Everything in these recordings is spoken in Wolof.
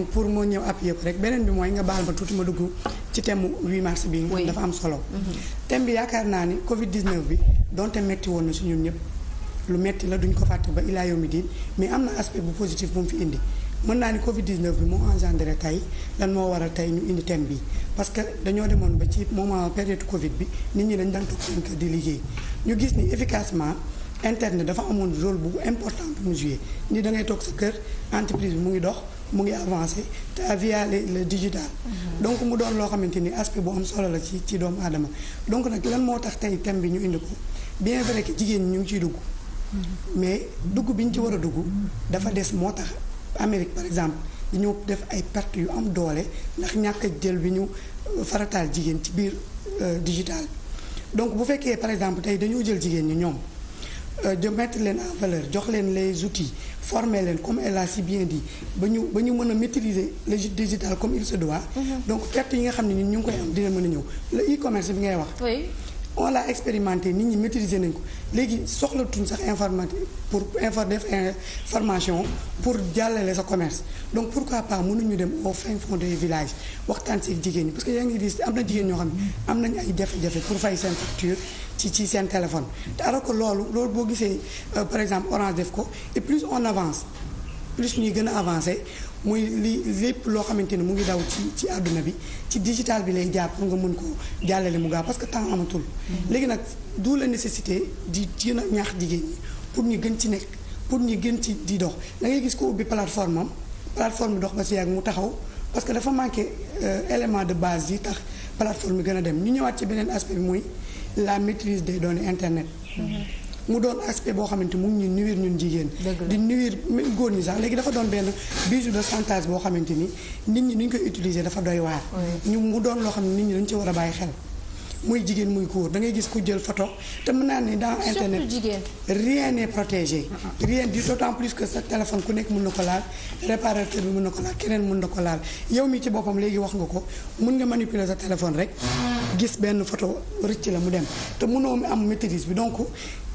donc pour moo ñëw appuyer ko rek beneen bi mooy nga baal ma tuuti ma dugg ci thème 8 mars bi dafa am solo mhm. thème bi yaakaar naa ni covid 19 bi donte metti woon na si ñun lu metti la duñ ko fàtte ba ilaa yawmi diin mais am na aspect bu positif bu mu fi indi mën naa ni covid 19 bi moo engendré tey lan moo waral tey ñu indi thème bi parce que dañoo demoon ba ci moment période covid bi nit ñi dañ daan toog seen kër di liggéey ñu gis ni efficacement internet dafa amoon rôle bu important bu mu joué ni da toog sa kër entreprise mu ngi dox mu ngi avancé te via le digital. Mhm. donc mu doon loo xamante ni aspect bu am solo la ci ci doomu aadama donc nag lan moo tax tey thème bi ñu indi ko bien jigéen ñu ngi ciy dugg. Mhm. mais dugg bi ñu ci war a dugg. dafa des moo tax Amérique par exemple dañoo def ay perte yu am doole ndax ñàkk jël bi ñu euh, farataal jigéen ci biir euh, digital donc bu fekkee par exemple tey dañoo jël jigéen ñi ñoom. Euh, de mettre leen en jox leen les outils former leen comme elle a si bien dit ba ñu ba ñu mën a maîtriser le digital comme il se doit. Mm-hmm. donc perte yi nga xam ne ñun ñu ngi koy am dina mën a ñëw le e-commerce bi ngay wax. on l'a expérimenté nit ñi maîtriser nañ ko léegi soxlatuñ sax informati pour infor def information pour jàllale sa commerce donc pourquoi pas mënuñu dem oo fin fond des villages waxtaan seeg jigéen ñi parce que yaa ngi gis am na jigéen ñoo xam ne am nañ ay jafe-jafe pour fay seen facture ci ci seen téléphone te alors que loolu loolu boo gisee euh, par exemple Orange def ko et plus on avance plus ñuy gën a avancé muy li lépp loo xamante ni mu ngi daw ci ci àdduna bi ci digital bi lay jàpp pour nga mën ko jàllale mu gaaw parce que temps amatul. Mm-hmm. léegi nag d'où la nécessité di gën a ñaax jigéen ñi pour ñu gën ci nekk pour ñu gën ci di dox da ngay gis ko ubbi plateforme am plateforme dox ba si ak mu taxaw parce que dafa manqué euh, élément de base yi tax plateforme bi gën a dem ñu ñëwaat ci beneen aspect bi mooy la maîtrise des données internet. Mm-hmm. mu doon aspect boo xamante mu ngi ñu nuwir ñun jigéen di nuwir góor ñi sax léegi dafa doon benn bijou de chantage boo xamante ni nit ñi nu ñu koy utiliser dafa doy waar ñu mu doon loo xam ne nit ñi dañu ci war a bàyyi xel muy jigéen muy góor da ngay gis ku jël photo te mën naa ne dans internet rien n'est protégé rien du d'autant plus que sa téléphone ku nekk mun na ko laal réparateur bi mun na ko laal keneen mun na ko laal yow mi ci boppam léegi wax nga ko mun nga manipuler sa téléphone rek gis benn photo rëcc la mu dem te mënoo am maîtrise bi donc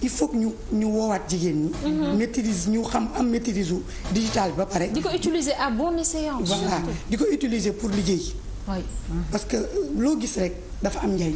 il faut ñu ñu woowaat jigéen ñi. Mhm. maîtrise ñu xam am maîtrise u digital bi ba pare. di ko utiliser à bon escient. voilà di ko utiliser pour liggéey. parce que loo gis rek dafa am njariñ.